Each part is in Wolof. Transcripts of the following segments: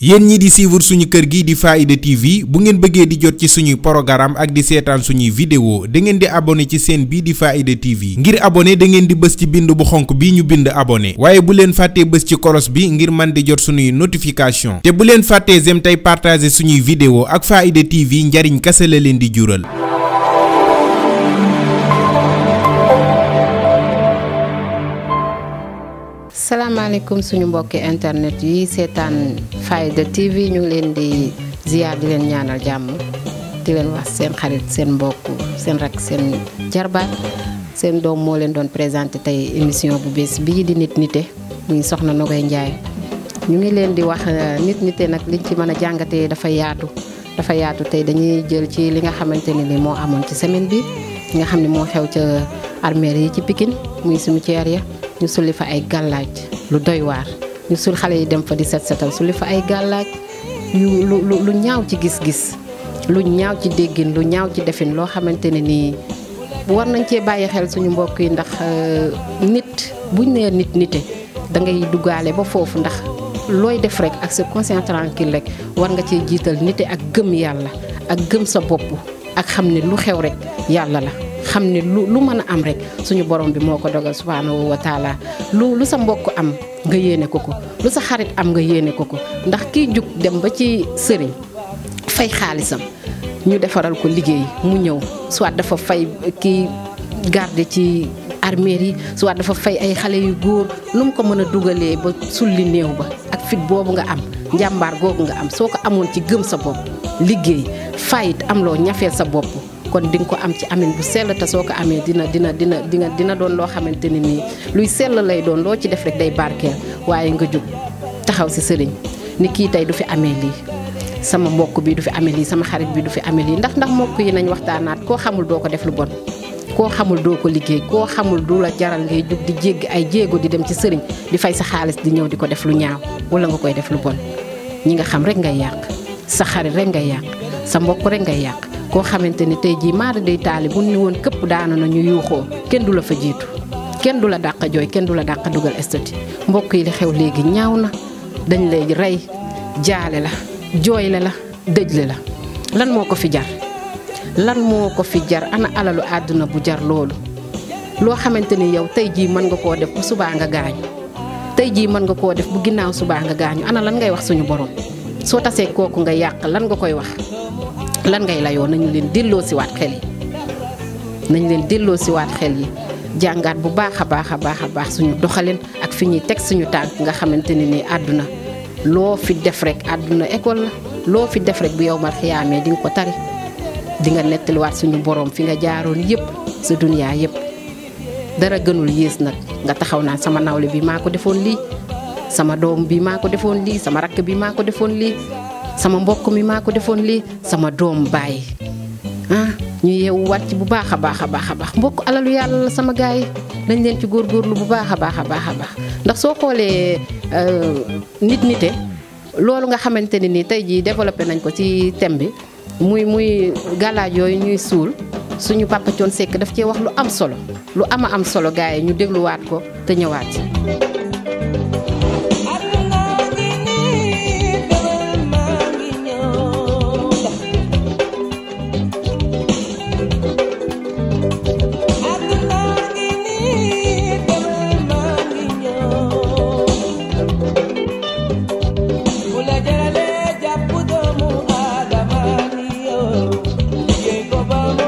yéen ñi di suivre suñu kër gi di Faaida TV bu ngeen bëggee di jot ci suñuy programme ak di seetaan suñuy vidéo da ngeen di abonné ci seen bii di Faaida TV ngir abonné da ngeen di bës ci bind bu xonk bi ñu bind abonné waaye bu leen fàttee bës ci kolos bi ngir man di jot suñuy notification te bu leen fàttee zem tey partagé suñuy vidéo ak Faaida TV njariñ kase la leen di jural asalaamaaleykum suñu mbokki internet yi seetaan Faaida TV ñu ngi leen di ziyaar di leen ñaanal jàmm di leen wax seen xarit seen mbokk seen rak seen jarbaat seen doom moo leen doon présenté tey émission bu bees bii di nit nite muy soxna Nogaye njaay ñu ngi leen di wax euh, nit nite nag liñ ci mën a jàngatee dafa yaatu dafa yaatu tey dañuy jël ci li nga xamante ne ni moo amoon ci semaine bi li nga xam ne moo xew ca armeri yi ci pikin muy cimetière ya ñu sulli fa ay gàllaaj lu doy waar ñu sul xale yi dem fa di set setal sulli fa ay gàllaaj yu lu lu ñaaw ci gis-gis lu ñaaw ci déggin lu ñaaw ci defin loo xamante ne nii war nañ cee bàyyi xel suñu mbokk yi ndax euh, nit buñ nee nit nite da ngay duggaale ba foofu ndax looy def rek ak sa conscience tranquille rek war nga cee jiital nite ak gëm yàlla ak gëm sa bopp ak xam ni lu xew rek yàlla la. xam ne lu mën a am rek suñu borom bi moo ko dogal subhaanahu wa taala lu sa mbokk am nga yéene ko ko lu sa xarit am nga yéene ko ko ndax kiy jug dem ba ci sëriñ fay xaalisam ñu defaral ko liggéey mu ñëw soit dafa fay kii garde ci armeer yi soit dafa fay ay xale yu góor lu mu ko mën a dugalee ba sulli néew ba ak fit boobu nga am njàmbaar googu nga am soo ko amoon ci gëm sa bopp liggéey fayit am loo ñafeel sa bopp kon di nga ko am ci amin bu sell te soo ko amee dina dina dina dina dina doon loo xamante ne nii luy sell lay doon loo ci def rek day barkeel waaye nga jóg taxaw si sëriñ nit kii tey du fi amee lii. sama mbokk bii du fi amee lii sama xarit bi du fi amee lii ndax ndax mbokk yi nañ waxtaanaat koo xamul doo ko def lu bon koo xamul doo ko liggéey koo xamul du la jaral ngay jóg di jéggi ay jéego di dem ci sëriñ di fay sa xaalis di ñëw di ko def lu ñaaw wala nga koy def lu ñi nga xam rek ngay yàq sa xarit rek ngay yàq sa mbokk rek ngay yàq koo xamante ni tey jii maara day taali bu ñu woon këpp daana na ñu yuuxoo kenn du la fa jiitu kenn du la dàq jooy kenn du la dàq dugal estati mbokk yi li xew léegi ñaaw na dañ lay rey jaale la jooyle la dëjle la lan moo ko fi jar lan moo ko fi jar ana alalu àdduna bu jar loolu loo xamante ni yow tey jii mën nga koo def bu subaa nga gaañu tey jii mën nga koo def bu ginnaaw subaa nga gaañu ana lan ngay wax suñu borom soo tasee kooku nga yàq lan nga koy wax lan ngay layoon nañu leen delloo waat xel yi nañu leen delloo siwaat xel yi jàngaat bu baax a baax a baax a baax suñu doxalin ak fi ñuy teg suñu tànk nga xamante ne ni àdduna loo fi def rek àdduna école la loo fi def rek bu yow mal xiyaamee di nga ko tari di nga nettaliwaat suñu borom fi nga jaaroon yëpp sa duniyaa yëpp dara gënul yées nag nga taxaw naa sama nawle bi maa ko defoon lii sama doom bii maa ko defoon lii sama rakk bi maa ko defoon lii sama mbokk mi maa ko defoon lii sama doom baay ah ñu yeewu waat ci bu baax a baax a baax a baax mbokk alalu yàlla sama gaay dañ leen ci góorlu bu baax a baax a baax a baax ndax soo xoolee euh, nit nite loolu nga xamante ne nii tey jii développé nañ ko ci thème bi muy muy galaaj yooyu ñuy suul suñu Papa Thione Seck daf cee wax lu am solo lu am a am solo gaay yi ñu dégluwaat ko te ñëwaat Baba.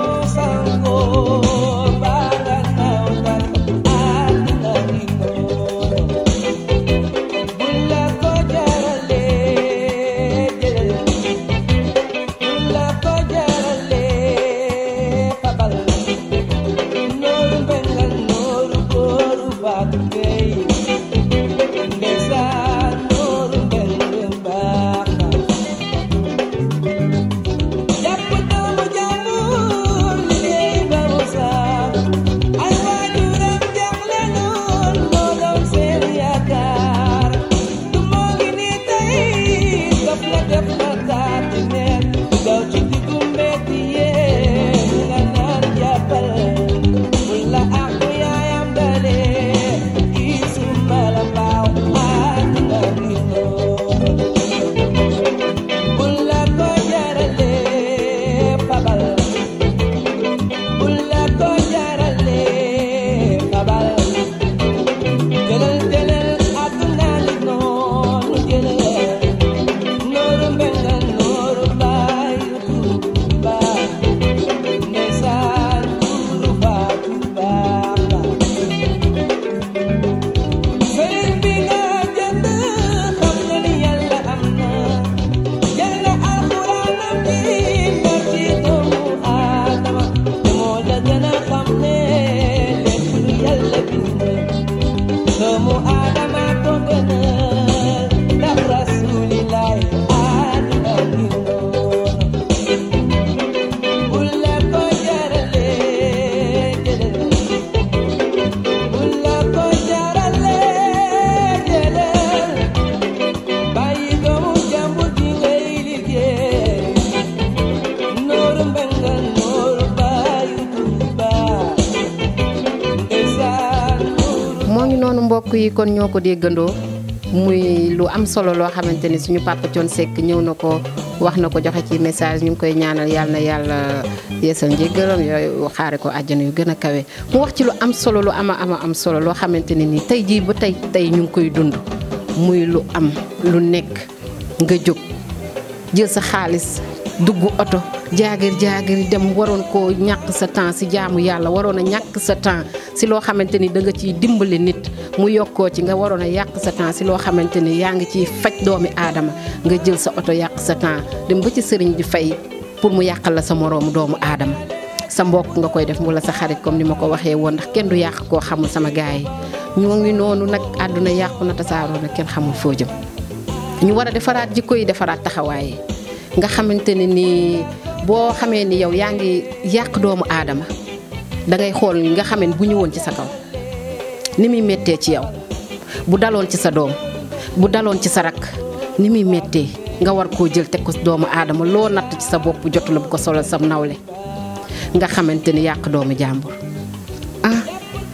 mbokk kon ñoo ko déggandoo muy lu am solo loo xamante ni suñu papa Thione ñëw na ko wax na ko joxe ci message ñu ngi koy ñaanal yàlla na yàlla yeesal njéggalam yooyu xaare ko àjjana yu gën a kawe mu wax ci lu am solo lu am ama am solo loo xamante ne nii tey jii ba tey tey ñu ngi koy dund muy lu am lu nekk nga jóg jël sa xaalis dugg oto jaagir jaagir dem waroon koo ñàkk sa temps si jaamu yàlla waroon a ñàkk sa temps si loo xamante ni da nga ciy dimbali nit mu yokkoo ci nga waroon a yàq sa temps si loo xamante ni yaa ngi ciy faj doomi aadama nga jël sa oto yàq sa temps dem ba ci sëriñ di fay pour mu yàqal la sa moroomu doomu aadama sa mbokk nga koy def wala sa xarit comme ni ma ko waxee woon ndax kenn du yàq koo xamul sama gaay yi ñoo ngi noonu nag àdduna yàqu na tasaaroo nag kenn xamul foo jëm ñu war a defaraat jikko yi defaraat taxawaay nga xamante ne ni boo xamee ni yow yaa ngi yàq doomu aadama da ngay xool nga xam bu ñëwoon ci sa kaw ni muy méttee ci yow bu daloon ci sa doom bu daloon ci sa rakk ni muy méttee nga war koo jël teg ko doomu aadama loo natt ci sa bopp jotu bu ko solo sam nawle nga xamante ni yàq doomu jàmbur ah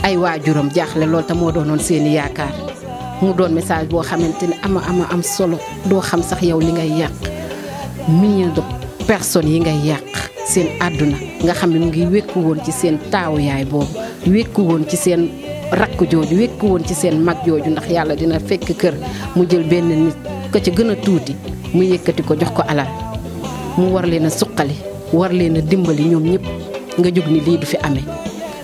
ay waajuram jaaxle lool te moo doonoon seeni yaakaar mu doon message boo xamante ni am ama am solo doo xam sax yow li ngay yàq millions de personnes yi ngay yàq seen àdduna nga xam ne mu ngi wékku woon ci seen taawuyaay yaay boobu wékku woon ci seen rakk jooju wékku woon ci seen mag jooju ndax yàlla dina fekk kër mu jël benn nit ko ci gën a tuuti mu yékkati ko jox ko alal mu war leen a suqali war leen a dimbali ñoom ñëpp nga jóg ni lii du fi ame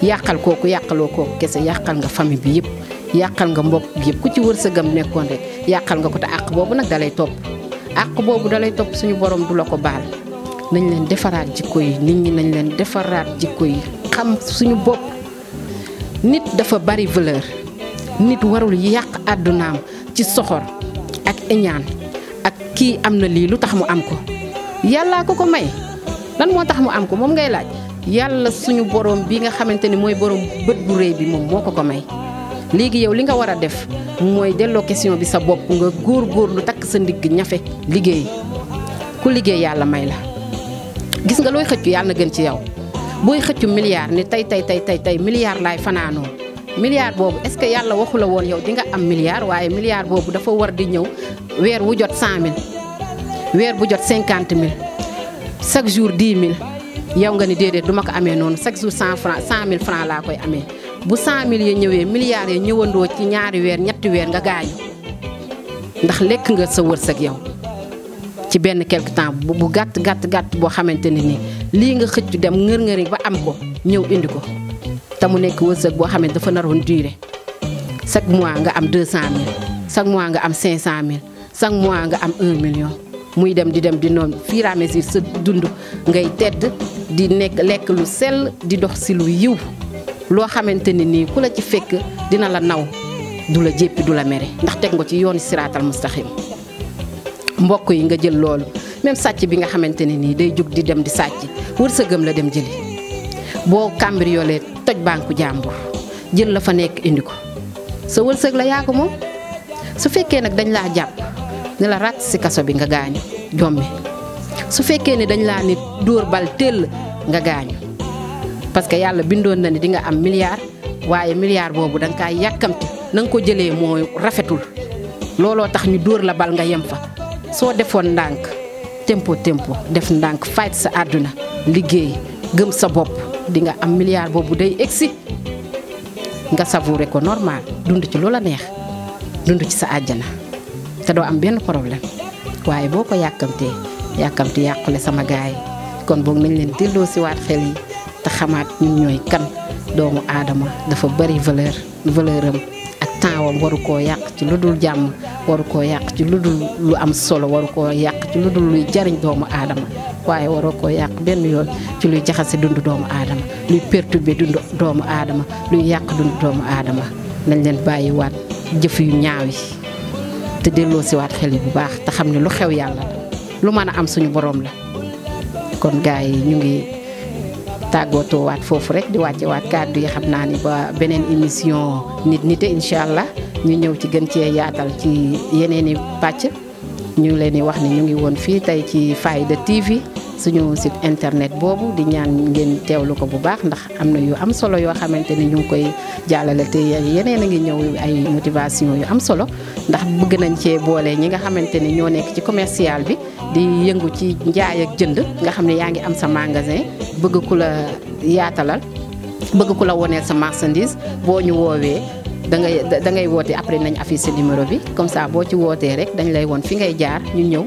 yàqal kooku yàqaloo kooku kese yàqal nga famille bi yëpp yàqal nga mbokk yëpp ku ci wërsëgam nekkoon rek yàqal nga ko te àq boobu nag dalay topp àq boobu dalay topp suñu borom du la ko baal nañ leen defaraat jikko yi nit ñi nañ leen defaraat jikko yi xam suñu bopp nit dafa bari valeur nit warul yàq àddunaam ci soxor ak iñaan ak kii am na lii lu tax mu am ko yàllaa ko ko may lan moo tax mu am ko moom ngay laaj yàlla suñu borom bi nga xamante ni mooy borom bët bu réy bi moom moo ko ko may léegi yow li nga war a def mooy delloo question bi sa bopp nga góor lu takk sa ndigg ñafe liggéey ku liggéey yàlla may la gis nga looy xëccu yàlla na gën ci yow booy xëccu milliard ni tey tey tey tey tey milliard laay fanaanoo milliard boobu est-ce que yàlla waxu la woon yow di nga am milliard waaye milliard boobu dafa war di ñëw weer wu jot 100000 weer bu jot 50000 chaque jour 10000 yow nga ni déedéet du ma ko amee noonu chaque jour 100 francs 100000 francs laa koy amee bu 100000 ya ñëwee milliards ya ñëwandoo ci ñaari weer ñetti weer nga gaañu ndax lekk nga sa wërsëg yow. ci benn quelque temps bu gàtt gàtt gàtt boo xamante ne nii lii nga xëccu dem ngër-ngëri ba am ko ñëw indi ko te mu nekk wërsëg boo xam ne dafa naroon duré chaque mois nga am 200000 chaque mois nga am 500000 chaque mois nga am million. muy dem di dem di noonu fur et à sa dund ngay tedd di nekk lekk lu sell di dox si lu yiw loo xamante ne nii ku la ci fekk dina la naw du la jéppi du la mere ndax teg nga ci yoonu siraatal mustaqim mbokk yi nga jël loolu même sàcc bi nga xamante ne nii day jug di dem di sàcc wërsëgam la dem jëli boo cambrioler toj banque jàmbur jël la fa nekk indi ko sa wërsëg la yaa ko moom su fekkee nag dañ laa jàpp ne la ràcc si kaso bi nga gaañu jommi su fekkee ne dañ laa ne dóor bal teel nga gaañu parce que yàlla bindoon na ne di nga am milliard waaye milliard boobu da nga kaa yàkkamti na nga ko jëlee moo rafetul looloo tax ñu dóor la bal nga yem fa soo defoon ndànk tempo tempo def ndànk faj sa àdduna liggéey gëm sa bopp dinga am milliard boobu day egsi nga savouré ko normal dund ci la neex dund ci sa àjjana te doo am benn problème waaye boo ko yàkkamtee yàkkamti yàqule sama gaay kon boog nañ leen delloo si waat xel yi te xamaat ñun ñooy kan doomu aadama dafa bari valeur valeur am ak temps waru koo yàq ci lu dul jàmm waru koo yàq ci lu dul lu am solo waru koo yàq ci lu dul luy jariñ doomu aadama waaye waroo koo yàq benn yoon ci luy jaxase dundu doomu aadama luy perturber dundu doomu aadama luy yàq dundu doomu aadama nañ leen bàyyi bàyyiwaat jëf yu ñaaw yi te delloo siwaat xel yi bu baax te xam ne lu xew yàlla la lu mën a am suñu boroom la kon gars yi ñu ngi tàggatoo waat foofu rek di wàcce waat kàddu yi xam naa ni ba beneen émission nit nite incha allah ñu ñëw ci gën cee yaatal ci yeneen i pàcc ñu ngi leen di wax ni ñu ngi woon fii tey ci Faaida TV suñu site internet boobu di ñaan ngeen teewlu ko bu baax ndax am na yu am solo yoo xamante ni ñu ngi koy jàllale te yeneen a ngi ñëw ay motivation yu am solo ndax bëgg nañ cee boole ñi nga xamante ni ñoo nekk ci commercial bi di yëngu ci njaay ak jënd nga xam ne yaa ngi am sa magasin bëgg ku la yaatalal bëgg ku la woneel sa marchandise boo ñu woowee. dangay ngay da ngay woote après nañ affiché sa numéro bi comme ça boo ci wootee rek dañ lay woon fi ngay jaar ñu ñëw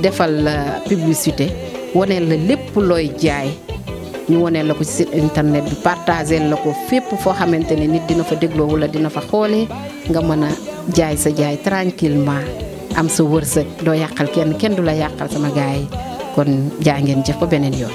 defal la publicité waneel la lépp looy jaay ñu waneel la ko ci site internet bi partagé la ko fépp foo xamante ne nit dina fa dégloo wala dina fa xoole nga mën a jaay sa jaay tranquillement am sa wërsëg doo yàqal kenn kenn du la yàqal sama gars yi kon jaa ngeen jëf ko beneen yoon.